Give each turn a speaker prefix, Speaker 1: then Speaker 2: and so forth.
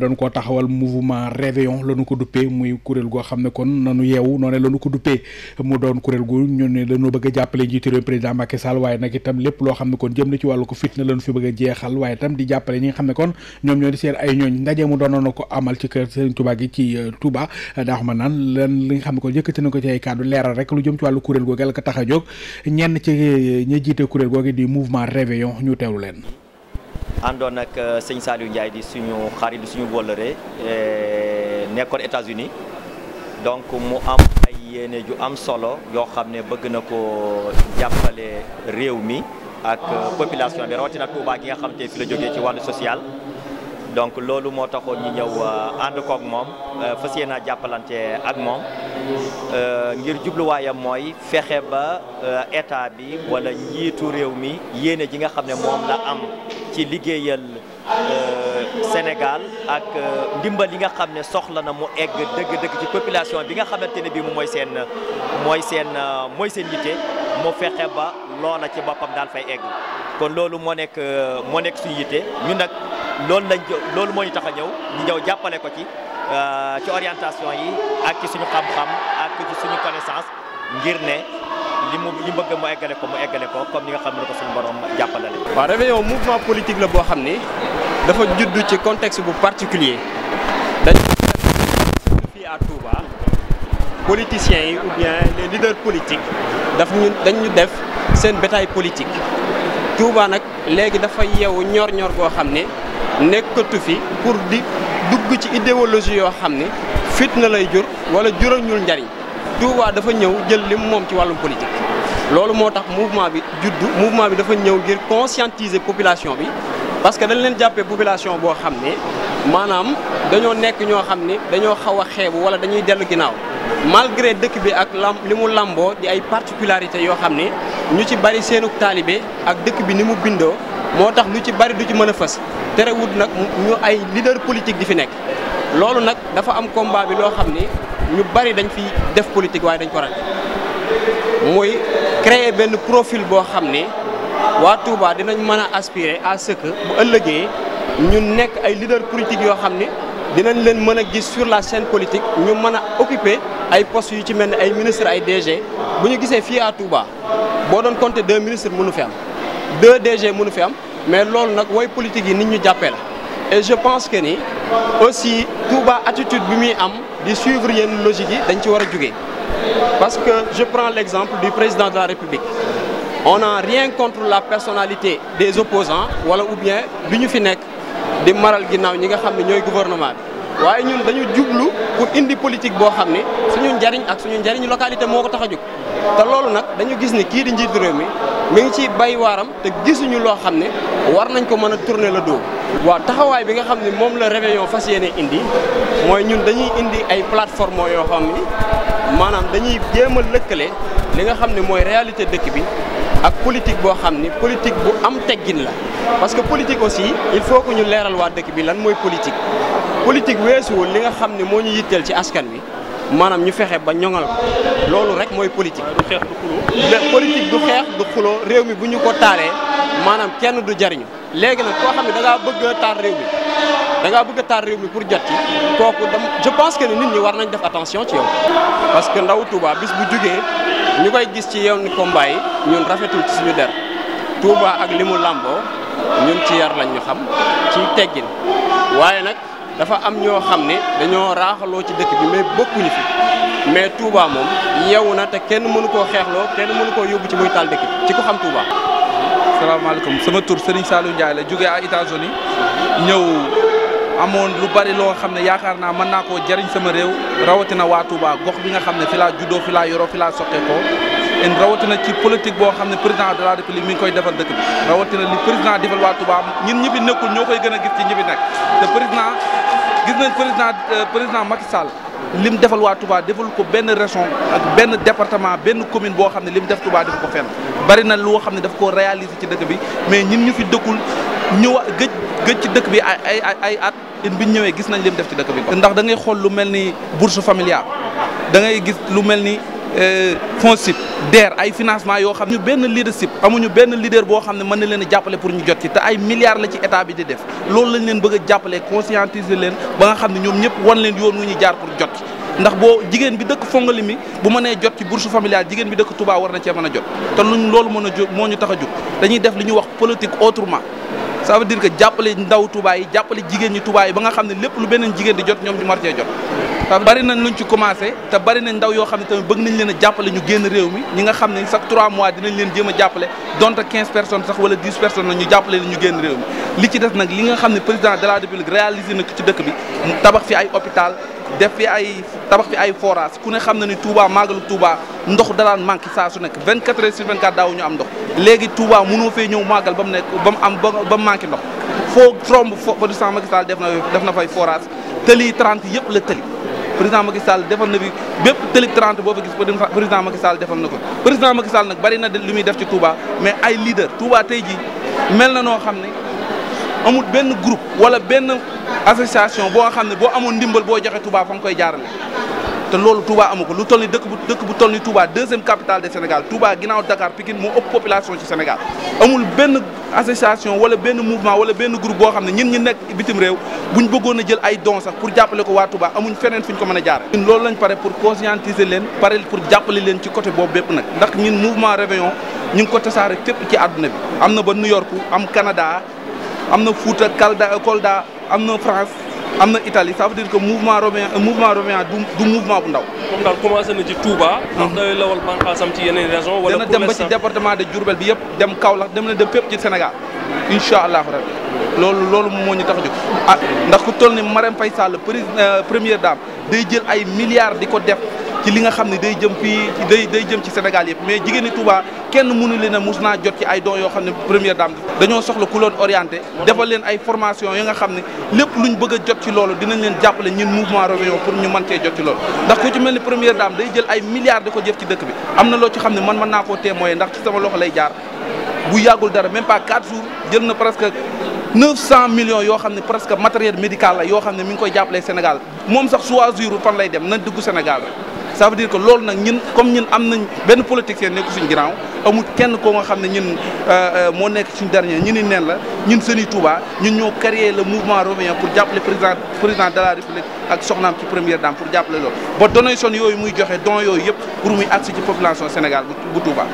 Speaker 1: doon ko taxawal mouvement réveillon la ñu ko duppee muy kuréel goo xam ne kon nanu yeewu noo ne la ñu ko duppee mu doon kuréel gu ñu ne dañoo bëgg jàppale njiitu réew président Macky Sall waaye nag itam lépp loo xam ne kon jëm na ci wàllu ko fi bëgg a jeexal waaye itam di jàppale ñi nga xam ne kon ñoom ñoo di seen ay ñooñ ndaje ko amal ci kër gi ci euh, Touba daax ma naan lan li nga xam ne kon yëkkati na ko ci ay kàddu leeral rek lu jëm ci wàllu kuréel googu la ko tax a jóg ñenn ci euh, ñi jiite kuréel googu di mouvement réveillon ñu teewlu leen
Speaker 2: àndoon ak euh, sëñ Saliou Ndiaye di suñu xarit di suñu wóllëre euh, nekkoon États-Unis donc mu am ay yéene ju am solo yoo xam ne bëgg na ko jàppale réew mi ak euh, population bi rawatina Touba gi nga xam te fi la jógee ci wàllu social donc loolu moo taxoon ñu ñëw ànd kook moom fas yéene naa jàppalante ak moom Euh, ngir jubluwaayam mooy fexe ba euh, état bi walla njiitu réew mi yéene ji nga xam ne moom la am ci liggéeyal euh, Sénégal ak ndimbal yi nga xam ne soxla na mu egg dëgg-dëgg ci population bi nga xamante ne bii moom mooy seen mooy seen mooy seen yitte mu fexe ba loola ci boppam daal fay egg kon loolu moo nekk moo nekk suñu yitte ñu nag loolu lañ loolu mooy ñu tax a ñëw ñu ñëw jàppale ko ci. Euh, ci orientation yi ak ci suñu xam-xam ak ci suñu connaissance ngir ne li mu li bëgg mu eggale ko mu eggale ko comme ni nga xam ne ko suñu borom jàppalale. waaw Réveillon
Speaker 3: mouvement politique la boo xam ne dafa judd ci contexte bu particulier dañ
Speaker 2: fii à Touba
Speaker 3: yi ou bien les leaders politiques dañ ñu def seen bétail politique Touba nag léegi dafa yeewu ñor-ñor goo xam ne nekkatu fi pour di. dugg ci idéologie yoo xam ne fitna lay jur wala jural ñul njariñ Touba dafa ñëw jël lim moom ci wàllum politique. loolu moo tax mouvement bi juddu mouvement bi dafa ñëw ngir conscientiser population bi parce que dañ leen jàppee population boo xam ne maanaam dañoo nekk ñoo xam ne dañoo xaw a xeebu wala dañuy dellu ginnaaw malgré dëkk bi ak lam li mu lamboo di ay particularités yoo xam ne ñu ci bari seenug taalibe ak dëkk bi ni mu bindoo. moo tax lu ci bari du ci mën a fës terewut nag ñu ay leader politique di fi nekk loolu nag dafa am combat bi loo xam ni ñu bari dañ fi def politique waaye dañ ko raté mooy créer benn profil boo xam ni waa Touba dinañ mën a aspirer à ce que bu ëllëgee ñu nekk ay leader politique yoo xam ni dinañ leen mën a gis sur la scène politique ñu mën a occuper ay postes yu ci mel ni ay ministre ay DG bu ñu gisee fii à Touba boo doon compter deux ministres mënu fi am. deux DG mënu fi am mais loolu nag woy politique yi nit ñu jàppee la et je pense que ni aussi Touba attitude bi muy am di suivre yenn logique yi dañ ci war a jógee parce que je prends l'exemple du président de la République on n'a rien contre la personnalité des opposants wala ou bien du ñu fi nekk di maral ginnaaw ñi nga xam ne ñooy gouvernement bi waaye ñun dañu jublu pour indi politique boo xam ne suñu njariñ ak suñu njariñ localité moo ko tax a jóg te loolu nag dañu gis ni kii di njiitu réew mi mi ngi ci bay waaram te gisuñu loo xam ne war nañ ko mën a tourner le dos. waaw taxawaay bi nga xam ne moom la réveillon fas yéene indi mooy ñun dañuy indi ay plateforme yoo xam ni maanaam dañuy jéem a lëkkale li nga xam ne mooy réalité dëkk bi ak politique boo xam ni politique bu am teggin la. parce que politique aussi il faut que ñu leeral waa dëkk bi lan mooy politique politique weesuwul li nga xam ne moo ñu yitteel ci askan wi. maanaam ñu fexe ba ñoŋal loolu rek mooy politique. du xeex du xuloo. réew mi bu ñu ko taalee maanaam kenn du jariñu léegi nag koo xam ne da ngaa bëgg a taal réew mi bëgg a taal pour jot ci kooku dam je pense que nit ñi war nañ def attention ci yow. parce que ndaw Touba bis bu jugee ñu koy gis ci yoon combat yi ñun rafetul ci suñu der Touba ak li mu làmboo ñun ci yar lañ ñu xam ci teggin waaye nag. dafa am ñoo xam ne dañoo raaxaloo ci dëkk bi mais bokkuñu fi mais Touba moom yeewu na te kenn mënu koo xeexloo kenn mënu koo yóbbu ci muy taal dëkk bi ci ko xam Touba.
Speaker 1: salaamaaleykum sama tur Serigne Saliou Ndiaye la jógee à États-Unis ñëw amoon lu bari loo xam ne yaakaar naa mën naa ko jariñ sama réew rawatina waa Touba gox bi nga xam ne fi laa juddoo fi laa yoroo fi laa soqeekoo en rawatina ci politique boo xam ne président de la république mi ngi koy defal dëkk bi rawatina li président defal waa Touba ñun ñi fi nekkul ñoo koy gën a gis ci ñi fi nekk te président gis nañ président euh, président Macky Sall lim defal waa Touba defal ko benn région ak benn département benn commune boo xam ne lim def Touba def ko fenn bari loo xam ne daf koo réaliser ci dëkk bi mais ñun ñu fi dëkkul ñëwa gëj gëj ci dëkk bi ay ay ay at in bi ñëwee gis nañ lim def ci dëkk bi. ndax da ngay xool lu mel ni bourse familiale da gis lu mel ni. FONSIP euh, DER ay financement yoo xam ne benn leadership amuñu benn leader boo xam ne mën na leen a jàppale pour ñu jot ci te ay milliards la ci état bi di def loolu lañ leen bëgg a jàppale conscientiser leen ba nga xam ne ñoom ñëpp wan leen yoon wu ñu jaar pour jot ndax boo jigéen bi dëkk fongali mi bu mënee jot ci bourse familiale jigéen bi dëkk Touba war na cee mën a jot te luñ loolu mën a jot moo ñu tax a jóg dañuy def li ñuy wax politique autrement ça veut dire que jàppale ndaw Touba yi jàppale jigéen ñi Touba yi ba nga xam ne lépp lu beneen jigéen di jot ñoom ñu marcee jot parce que bari nañ luñ ci commencé te bari nañ ndaw yoo xam ne tamit bëgg nañ leen jàppale ñu génn réew mi ñi nga xam ne chaque 3 mois dinañ leen jéem a jàppale donte 15 personnes sax wala 10 personnes la jàppale leen ñu génn réew mi li ci des nag li nga xam ne président de la république réalisé na ko ci dëkk bi tabax fi ay hôpital def fi ay tabax fi ay forage ku ne xam na ni Touba màggalu Touba ndox daraan manqué saa su nekk 24 heures sur 24 daaw ñu am ndox léegi Touba mënoo fee ñëw màggal ba mu nekk ba mu am ba mu manqué ndox foo tromb fo président Macky Sall def na def na fay forage tëli 30 yëpp la tëli président Macky saal defal na fi bépp tëli 30 boo fa gis président Macky Sall defal na ko président Macky Sall nag bari na lu muy def ci Touba mais ay leader Touba tey ji mel na noo xam ne amul benn group wala benn association boo xam ne boo amoon ndimbal boo joxe Touba fa nga koy jaarale. te loolu Touba amu ko lu toll ni dëkk bu dëkk bu toll ni deuxième capitale de Sénégal Touba ginnaaw Dakar Pikine moo ëpp population ci Sénégal amul benn association wala benn mouvement wala benn group boo xam ne ñun ñu nekk bitim réew buñ bëggoon a jël ay dons sax pour jàppale ko waa Touba amuñ feneen fuñ ko mën a jaare ñun loolu lañ pare pour conscientiser leen pare pour jàppale leen ci côté boobu bépp nag ndax ñun mouvement Réveillon ñu ngi ko tasaare fépp ci àdduna bi am na ba New York am Canada am na Fouta Kalda Kolda am na France am na Italie ça veut dire que mouvement romain euh, mouvement romain du du mouvement bu ndaw. comme na ci Touba. Mhm. ndax day lawal bànqaasam ci wala dana dem ba ci département de Diourbel bi yëpp dem Kaolack dem na dem fépp ci Sénégal incha allah rabbi loolu loolu moo ñu tax a ah, ndax ku toll ni Marème Faye Sall euh, premier dame day jël ay milliards di ko def. ci li nga xam ne day jëm fii day jëm ci Sénégal yëpp mais jigéen ñi Touba kenn mënu leen a mus naa jot ci ay dons yoo xam ne première dame dañoo soxla ku loon orienté defal leen ay formation yi nga xam ne lépp luñ bëgg a jot ci loolu dinañ leen jàppale ñun mouvement Réveillon pour ñu mën cee jot ci loolu ndax ku ci mel ni première dame day jël ay milliards di ko jëf ci dëkk bi am na loo ci xam ne man mën naa ko témoigner ndax ci sama loxo lay jaar bu yàggul dara même pas 4 jours jël na presque 900 millions yoo xam ne presque matériel médical la xam ne mi ngi koy jàppale Sénégal moom sax choisir fan lay dem na dugg Sénégal ça veut dire que loolu nag ñun comme ñun am nañ benn politicien nekku suñu ginnaaw amul kenn koo nga xam ne ñun euh, euh, moo nekk suñu dernier ñu ni neen la ñun Sëriñ Touba ñun ñoo créé le mouvement républicain pour jàppale président président de la république ak soxnaam ci première dame pour jàppale loolu ba donation yooyu muy joxe don yooyu yëpp pour muy agsi ci population Sénégal bu Touba.